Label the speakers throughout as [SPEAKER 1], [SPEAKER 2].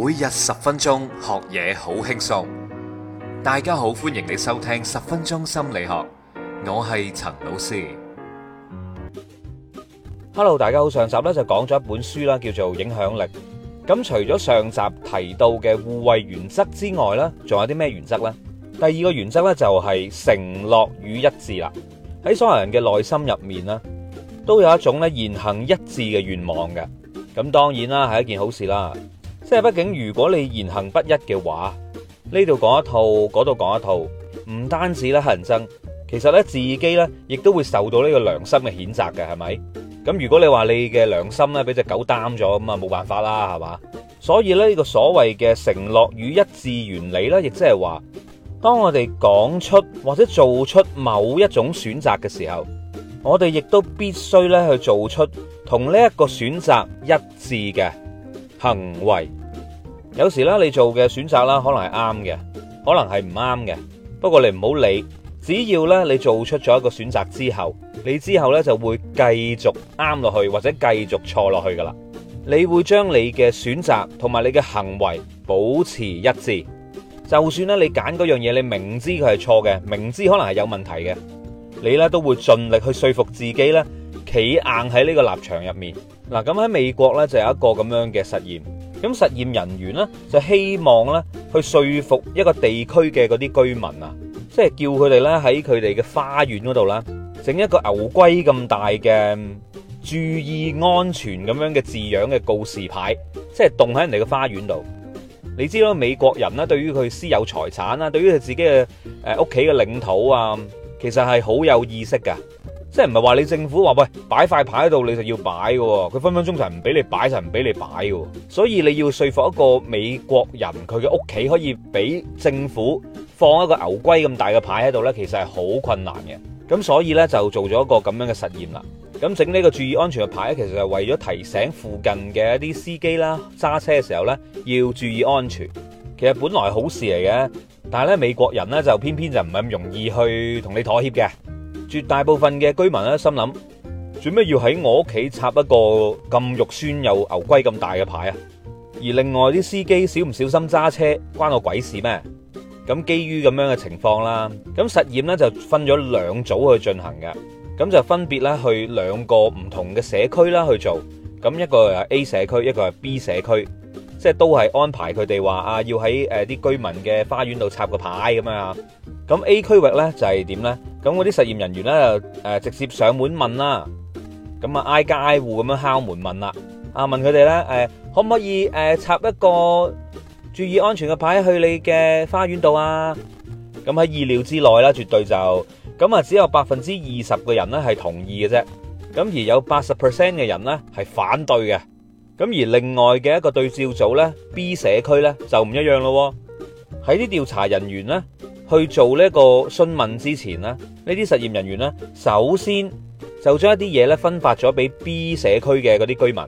[SPEAKER 1] 每日十分鐘學嘢好輕鬆。大家好，歡迎你收聽十分鐘心理學。我係陳老師。Hello，大家好。上集咧就講咗一本書啦，叫做《影響力》。咁除咗上集提到嘅互惠原則之外咧，仲有啲咩原則呢？第二個原則咧就係承諾與一致啦。喺所有人嘅內心入面咧，都有一種咧言行一致嘅願望嘅。咁當然啦，係一件好事啦。即係，畢竟如果你言行不一嘅話，呢度講一套，嗰度講一套，唔單止黑人憎，其實咧，自己咧，亦都會受到呢個良心嘅譴責嘅，係咪？咁如果你話你嘅良心咧俾隻狗擔咗，咁啊冇辦法啦，係嘛？所以咧呢個所謂嘅承諾與一致原理咧，亦即係話，當我哋講出或者做出某一種選擇嘅時候，我哋亦都必須咧去做出同呢一個選擇一致嘅行為。有時咧，你做嘅選擇啦，可能係啱嘅，可能係唔啱嘅。不過你唔好理，只要咧你做出咗一個選擇之後，你之後咧就會繼續啱落去，或者繼續錯落去噶啦。你會將你嘅選擇同埋你嘅行為保持一致。就算咧你揀嗰樣嘢，你明知佢係錯嘅，明知可能係有問題嘅，你咧都會盡力去說服自己咧，企硬喺呢個立場入面。嗱，咁喺美國咧就有一個咁樣嘅實驗。咁實驗人員咧就希望咧去說服一個地區嘅嗰啲居民啊，即係叫佢哋咧喺佢哋嘅花園嗰度啦，整一個牛龜咁大嘅注意安全咁樣嘅字樣嘅告示牌，即係動喺人哋嘅花園度。你知咯，美國人咧對於佢私有財產啊，對於佢自己嘅誒屋企嘅領土啊，其實係好有意識噶。即係唔係話你政府話喂，擺塊牌喺度你就要擺嘅，佢分分鐘就唔俾你擺就唔俾你擺嘅，所以你要說服一個美國人佢嘅屋企可以俾政府放一個牛龜咁大嘅牌喺度呢，其實係好困難嘅。咁所以呢，就做咗一個咁樣嘅實驗啦。咁整呢個注意安全嘅牌其實係為咗提醒附近嘅一啲司機啦，揸車嘅時候呢，要注意安全。其實本來好事嚟嘅，但係呢，美國人呢，就偏偏就唔係咁容易去同你妥協嘅。絕大部分嘅居民咧心諗，做咩要喺我屋企插一個咁肉酸又牛龜咁大嘅牌啊？而另外啲司機小唔小心揸車，關我鬼事咩？咁基於咁樣嘅情況啦，咁實驗咧就分咗兩組去進行嘅，咁就分別咧去兩個唔同嘅社區啦去做，咁一個係 A 社區，一個係 B 社區，即係都係安排佢哋話啊要喺誒啲居民嘅花園度插個牌咁樣啊。咁 A 區域咧就係點咧？咁嗰啲實驗人員咧，誒、呃、直接上門問啦，咁啊挨家挨戶咁樣敲門問啦。啊問佢哋咧，誒、呃、可唔可以誒、呃、插一個注意安全嘅牌去你嘅花園度啊？咁喺意料之內啦，絕對就咁啊，只有百分之二十嘅人咧係同意嘅啫。咁而有八十 percent 嘅人咧係反對嘅。咁而另外嘅一個對照組咧，B 社區咧就唔一樣咯喎。喺啲調查人員咧。去做呢個詢問之前咧，呢啲實驗人員咧，首先就將一啲嘢咧分發咗俾 B 社區嘅嗰啲居民。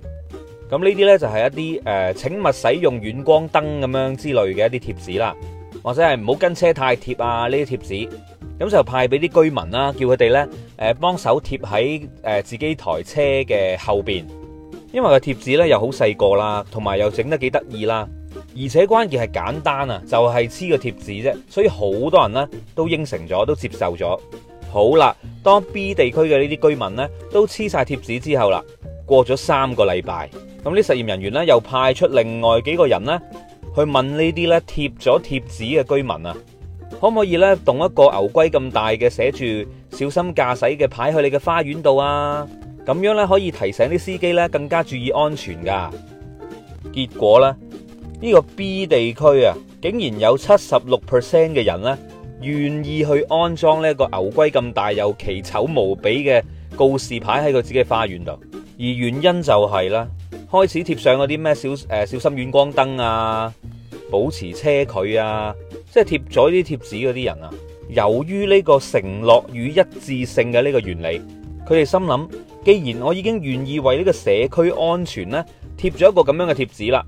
[SPEAKER 1] 咁呢啲呢，就係一啲誒請勿使用遠光燈咁樣之類嘅一啲貼紙啦，或者係唔好跟車太貼啊呢啲貼紙。咁就派俾啲居民啦，叫佢哋呢誒幫手貼喺誒自己台車嘅後邊，因為個貼紙呢又好細個啦，同埋又整得幾得意啦。而且關鍵係簡單啊，就係黐個貼紙啫，所以好多人呢都應承咗，都接受咗。好啦，當 B 地區嘅呢啲居民呢都黐晒貼紙之後啦，過咗三個禮拜，咁啲實驗人員呢又派出另外幾個人呢去問呢啲呢貼咗貼紙嘅居民啊，可唔可以呢？動一個牛龜咁大嘅寫住小心駕駛嘅牌去你嘅花園度啊？咁樣呢可以提醒啲司機呢更加注意安全噶。結果呢。呢個 B 地區啊，竟然有七十六 percent 嘅人咧，願意去安裝呢個牛龜咁大又奇醜無比嘅告示牌喺佢自己嘅花園度。而原因就係、是、啦，開始貼上嗰啲咩小誒、呃、小心遠光燈啊，保持車距啊，即係貼咗呢啲貼紙嗰啲人啊。由於呢個承諾與一致性嘅呢個原理，佢哋心諗，既然我已經願意為呢個社區安全咧貼咗一個咁樣嘅貼紙啦。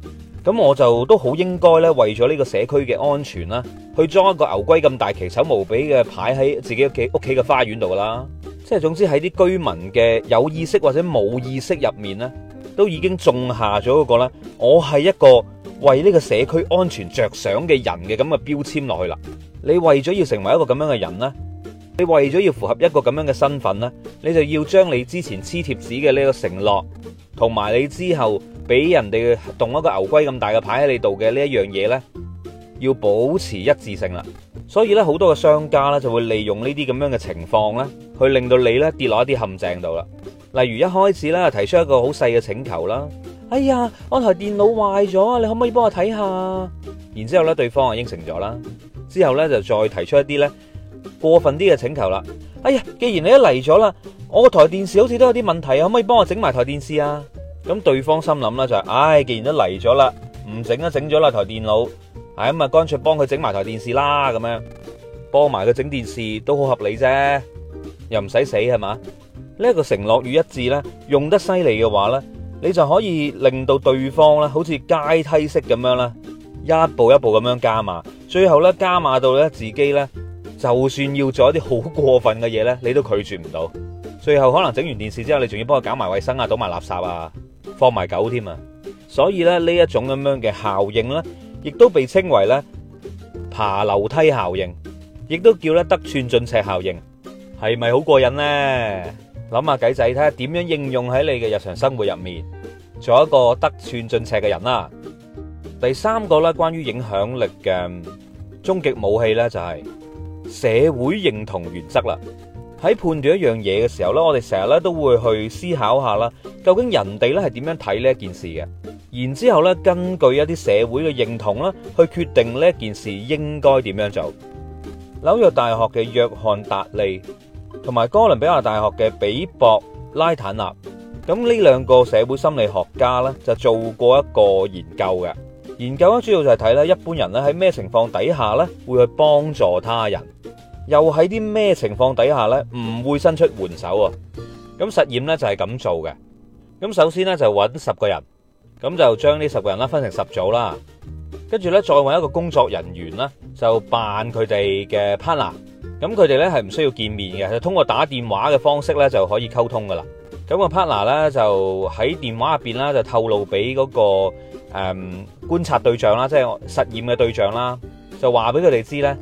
[SPEAKER 1] 咁我就都好應該咧，為咗呢個社區嘅安全啦，去裝一個牛龜咁大，奇醜無比嘅牌喺自己屋企屋企嘅花園度噶啦。即係總之喺啲居民嘅有意識或者冇意識入面咧，都已經種下咗一個咧，我係一個為呢個社區安全着想嘅人嘅咁嘅標籤落去啦。你為咗要成為一個咁樣嘅人咧，你為咗要符合一個咁樣嘅身份咧，你就要將你之前黐貼紙嘅呢個承諾同埋你之後，俾人哋動一個牛龜咁大嘅牌喺你度嘅呢一樣嘢呢，要保持一致性啦。所以呢，好多嘅商家呢，就會利用呢啲咁樣嘅情況呢，去令到你呢跌落一啲陷阱度啦。例如一開始呢，提出一個好細嘅請求啦，哎呀，我台電腦壞咗啊，你可唔可以幫我睇下？然之後呢，對方啊應承咗啦，之後呢，就再提出一啲呢過分啲嘅請求啦。哎呀，既然你一嚟咗啦，我個台電視好似都有啲問題啊，可唔可以幫我整埋台電視啊？咁對方心諗呢，就係，就係，唉，既然都嚟咗啦，唔整都整咗啦台電腦，唉咁啊，乾脆幫佢整埋台電視啦咁樣，幫埋佢整電視都好合理啫，又唔使死係嘛？呢一個承諾與一致呢，用得犀利嘅話呢，你就可以令到對方呢好似階梯式咁樣啦，一步一步咁樣加碼，最後呢，加碼到呢自己呢，就算要做一啲好過分嘅嘢呢，你都拒絕唔到。最後可能整完電視之後，你仲要幫佢搞埋衞生啊，倒埋垃圾啊。放埋狗添啊！所以呢呢一種咁樣嘅效應呢，亦都被稱為呢爬樓梯效應，亦都叫呢得寸進尺效應，係咪好過癮呢？諗下計仔睇下點樣應用喺你嘅日常生活入面，做一個得寸進尺嘅人啦。第三個呢關於影響力嘅終極武器呢就係社會認同原則啦。喺判斷一樣嘢嘅時候呢，我哋成日咧都會去思考下啦，究竟人哋咧係點樣睇呢件事嘅？然之後咧，根據一啲社會嘅認同啦，去決定呢件事應該點樣做。紐約大學嘅約翰達利同埋哥倫比亞大學嘅比博拉坦納，咁呢兩個社會心理學家呢，就做過一個研究嘅。研究咧主要就係睇咧一般人咧喺咩情況底下呢，會去幫助他人。又喺啲咩情況底下呢？唔會伸出援手啊？咁實驗呢就係咁做嘅。咁首先呢，就揾十個人，咁就將呢十個人啦分成十組啦，跟住呢，再揾一個工作人員啦，就扮佢哋嘅 partner。咁佢哋呢係唔需要見面嘅，就通過打電話嘅方式呢就可以溝通噶啦。咁個 partner 呢，就喺電話入邊啦，就透露俾嗰個誒觀察對象啦，即係實驗嘅對象啦，就話俾佢哋知呢。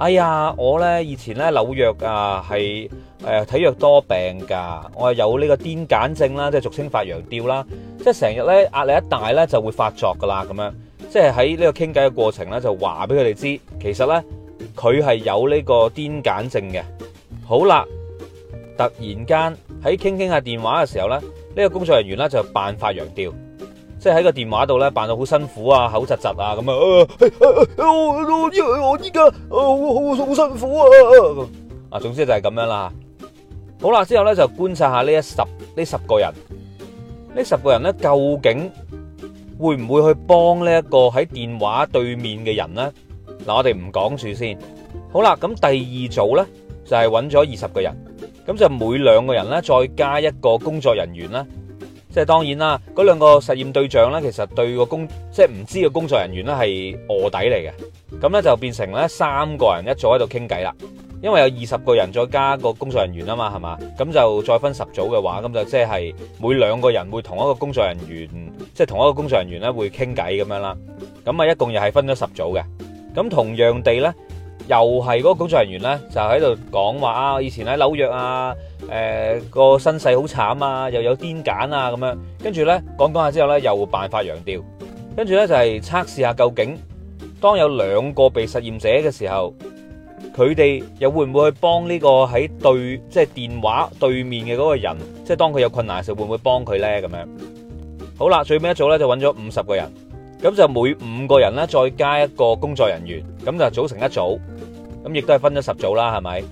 [SPEAKER 1] 哎呀，我呢以前呢，紐約啊，係誒、呃、體弱多病㗎。我係有呢個癲癇症啦，即係俗稱發羊吊啦，即係成日呢壓力一大呢就會發作㗎啦咁樣。即係喺呢個傾偈嘅過程呢，就話俾佢哋知其實呢，佢係有呢個癲癇症嘅。好啦，突然間喺傾傾下電話嘅時候呢，呢、呢個工作人員呢，就扮發羊吊。即係喺個電話度咧，扮到好辛苦啊，口窒窒啊咁啊，我我依我依家，好好好辛苦啊！啊，總之就係咁樣啦。好啦，之後咧就觀察下呢一十呢十個人，呢十個人咧究竟會唔會去幫呢一個喺電話對面嘅人咧？嗱，我哋唔講住先。好啦，咁第二組咧就係揾咗二十個人，咁就每兩個人咧再加一個工作人員啦。即係當然啦，嗰兩個實驗對象咧，其實對個工即係唔知嘅工作人員咧係臥底嚟嘅，咁咧就變成咧三個人一組喺度傾偈啦。因為有二十個人再加個工作人員啊嘛，係嘛？咁就再分十組嘅話，咁就即係每兩個人會同一個工作人員，即係同一個工作人員咧會傾偈咁樣啦。咁啊，一共又係分咗十組嘅。咁同樣地咧。又係嗰個工作人員咧，就喺度講話啊！以前喺紐約啊，誒、呃、個身世好慘啊，又有癲癇啊咁樣。跟住咧講講下之後咧，又扮發羊吊。跟住咧就係、是、測試下究竟，當有兩個被實驗者嘅時候，佢哋又會唔會去幫呢個喺對即係、就是、電話對面嘅嗰個人，即係當佢有困難嘅時候會唔會幫佢咧？咁樣好啦，最尾一組咧就揾咗五十個人。咁就每五個人咧，再加一個工作人員，咁就組成一組。咁亦都係分咗十組啦，係咪？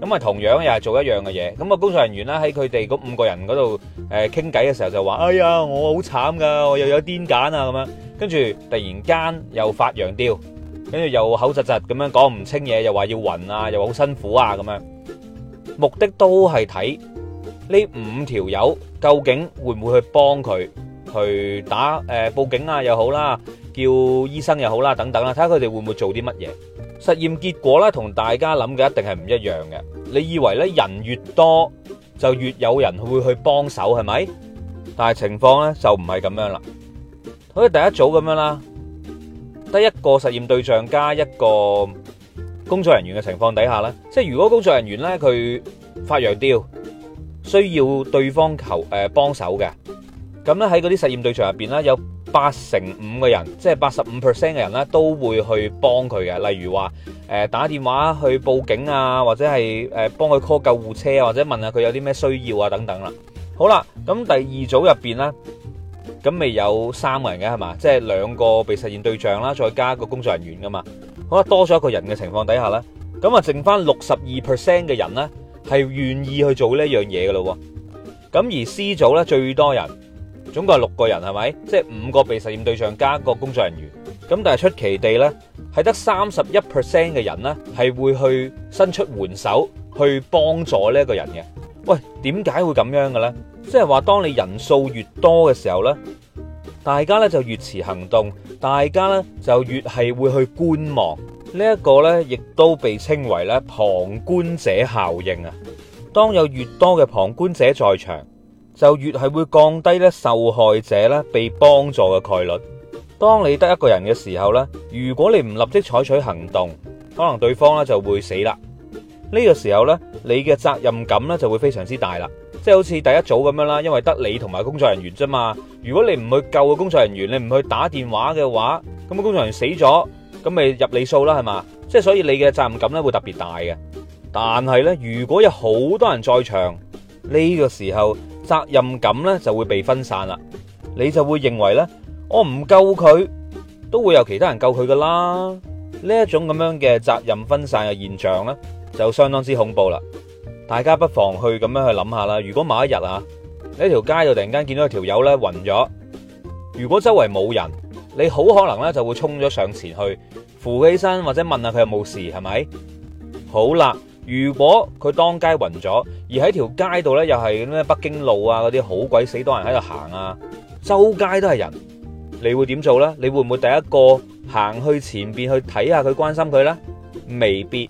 [SPEAKER 1] 咁啊，同樣又係做一樣嘅嘢。咁啊，工作人員啦，喺佢哋嗰五個人嗰度誒傾偈嘅時候就話：哎呀，我好慘噶，我又有癲癇啊咁樣。跟住突然間又發羊吊，跟住又口窒窒咁樣講唔清嘢，又話要暈啊，又話好辛苦啊咁樣。目的都係睇呢五條友究竟會唔會去幫佢？去打誒，報警啊又好啦，叫醫生又好啦，等等啦，睇下佢哋會唔會做啲乜嘢？實驗結果咧，同大家諗嘅一定係唔一樣嘅。你以為咧，人越多就越有人會去幫手係咪？但係情況咧就唔係咁樣啦。好似第一組咁樣啦，得一個實驗對象加一個工作人員嘅情況底下咧，即係如果工作人員咧，佢發羊吊，需要對方求誒幫手嘅。咁咧喺嗰啲實驗對象入邊咧，有八成五個人，即係八十五 percent 嘅人咧，都會去幫佢嘅。例如話誒、呃、打電話去報警啊，或者係誒幫佢 call 救護車啊，或者問下佢有啲咩需要啊等等啦。好啦，咁第二組入邊咧，咁未有三個人嘅係嘛？即係兩個被實驗對象啦，再加一個工作人員噶嘛。好啦，多咗一個人嘅情況底下咧，咁啊剩翻六十二 percent 嘅人咧係願意去做呢一樣嘢噶咯。咁而 C 組咧最多人。總共係六個人，係咪？即係五個被實驗對象加一個工作人員。咁但係出奇地呢係得三十一 percent 嘅人呢，係會去伸出援手去幫助呢一個人嘅。喂，點解會咁樣嘅呢？即係話，當你人數越多嘅時候呢，大家呢就越遲行動，大家呢就越係會去觀望。呢一個呢，亦都被稱為呢旁觀者效應啊。當有越多嘅旁觀者在場，就越係會降低咧受害者咧被幫助嘅概率。當你得一個人嘅時候咧，如果你唔立即採取行動，可能對方咧就會死啦。呢個時候咧，你嘅責任感咧就會非常之大啦。即係好似第一組咁樣啦，因為得你同埋工作人員啫嘛。如果你唔去救個工作人員，你唔去打電話嘅話，咁個工作人員死咗，咁咪入你數啦，係嘛？即係所以你嘅責任感咧會特別大嘅。但係咧，如果有好多人在場呢個時候。責任感咧就會被分散啦，你就會認為咧，我唔救佢，都會有其他人救佢噶啦。呢一種咁樣嘅責任分散嘅現象呢，就相當之恐怖啦。大家不妨去咁樣去諗下啦。如果某一日啊，喺條街度突然間見到條友呢，暈咗，如果周圍冇人，你好可能呢就會衝咗上前去扶起身，或者問下佢有冇事，係咪？好啦。如果佢當街暈咗，而喺條街度呢，又係咩北京路啊嗰啲好鬼死多人喺度行啊，周街都係人，你會點做呢？你會唔會第一個行去前邊去睇下佢關心佢呢？未必，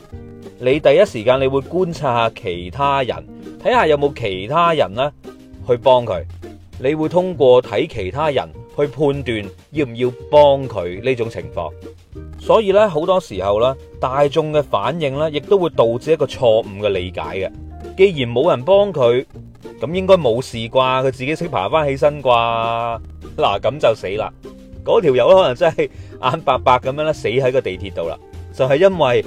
[SPEAKER 1] 你第一時間你會觀察下其他人，睇下有冇其他人呢去幫佢，你會通過睇其他人。去判斷要唔要幫佢呢種情況，所以咧好多時候咧，大眾嘅反應咧，亦都會導致一個錯誤嘅理解嘅。既然冇人幫佢，咁應該冇事啩？佢自己識爬翻起身啩？嗱咁就死啦！嗰條友可能真係眼白白咁樣咧，死喺個地鐵度啦。就係因為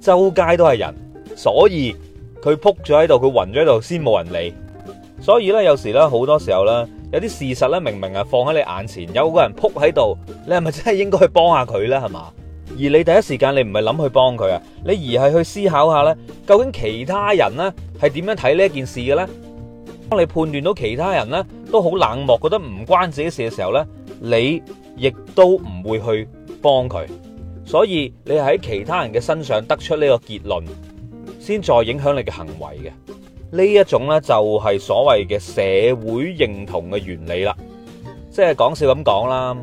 [SPEAKER 1] 周街都係人，所以佢撲咗喺度，佢暈咗喺度，先冇人理。所以咧，有時咧，好多時候咧。有啲事實咧，明明係放喺你眼前，有個人仆喺度，你係咪真係應該去幫下佢呢？係嘛？而你第一時間你唔係諗去幫佢啊，你而係去思考下呢，究竟其他人呢係點樣睇呢件事嘅呢？當你判斷到其他人呢都好冷漠，覺得唔關自己事嘅時候呢，你亦都唔會去幫佢。所以你喺其他人嘅身上得出呢個結論，先再影響你嘅行為嘅。呢一種呢，就係所謂嘅社會認同嘅原理啦，即係講笑咁講啦，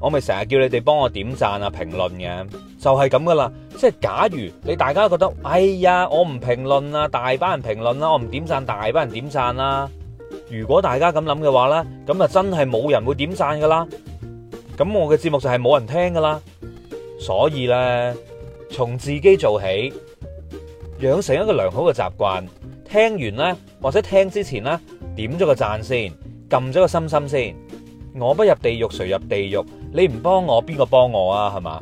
[SPEAKER 1] 我咪成日叫你哋幫我點讚啊、評論嘅，就係咁噶啦。即係假如你大家覺得，哎呀，我唔評論啊，大班人評論啦，我唔點讚，大班人點讚啦。如果大家咁諗嘅話呢，咁啊真係冇人會點讚噶啦，咁我嘅節目就係冇人聽噶啦。所以呢，從自己做起，養成一個良好嘅習慣。聽完呢，或者聽之前呢，點咗個讚先，撳咗個心心先。我不入地獄，誰入地獄？你唔幫我，邊個幫我啊？係嘛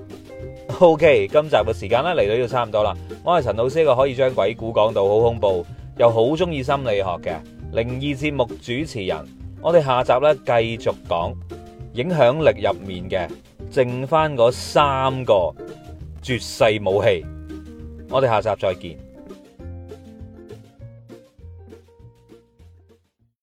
[SPEAKER 1] ？OK，今集嘅時間呢，嚟到呢度差唔多啦。我係陳老師，一個可以將鬼故講到好恐怖，又好中意心理學嘅靈異節目主持人。我哋下集呢，繼續講影響力入面嘅剩翻嗰三個絕世武器。我哋下集再見。